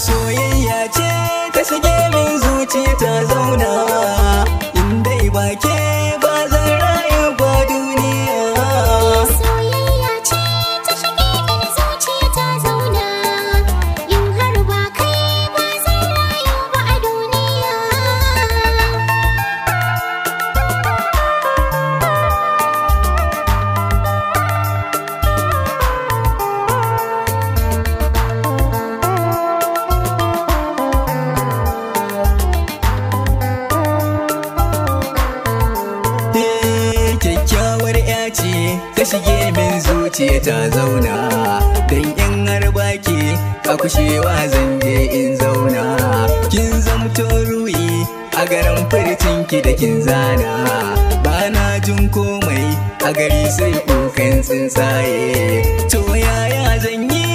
Soyayya ce ta shige min zuciya ta zaunawa shige min zuciya ta zauna dan in harba ke kushewa zan je in zauna kin zamto rui a garin farcin ki da kin zana ba na jin komai a gari sai kukan tsuntsaye to yaya zan yi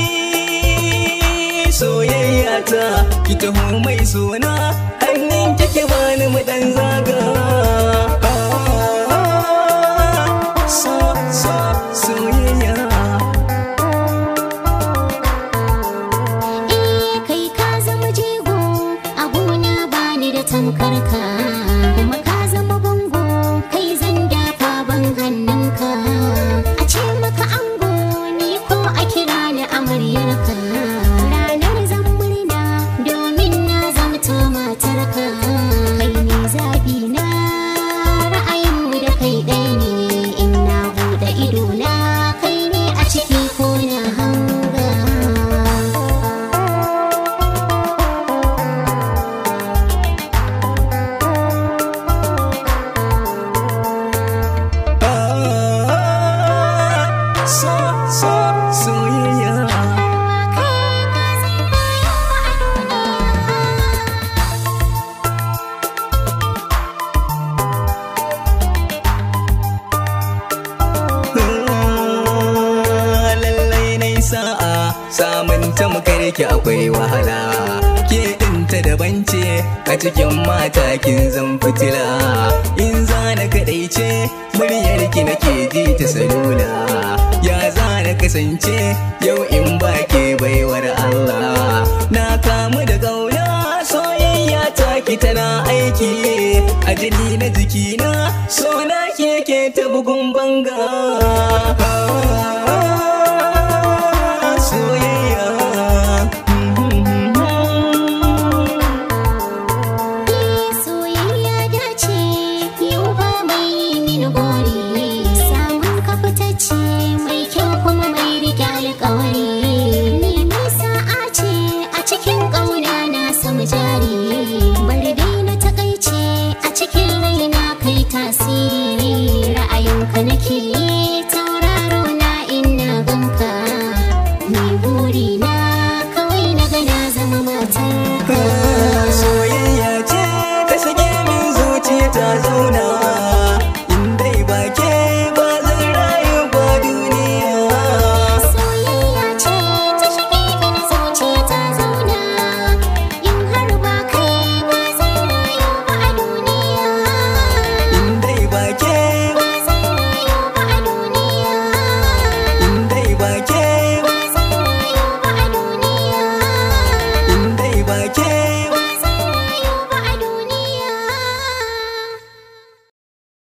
soyayya ta ki taho mai suna honeycomb. soyayya Lallai nai sa'a samun tamkar akwai wahala ta daban ce a cikin mata kin zan fitila in zana kadai ce muryar ki nake ji ta salula ya zana kasance yau in ba ke baiwar Allah na kamu da gauna soyayya ta ki tana aiki a jini na jikina so na keke ta bugun banga tasiri ra'ayinka nake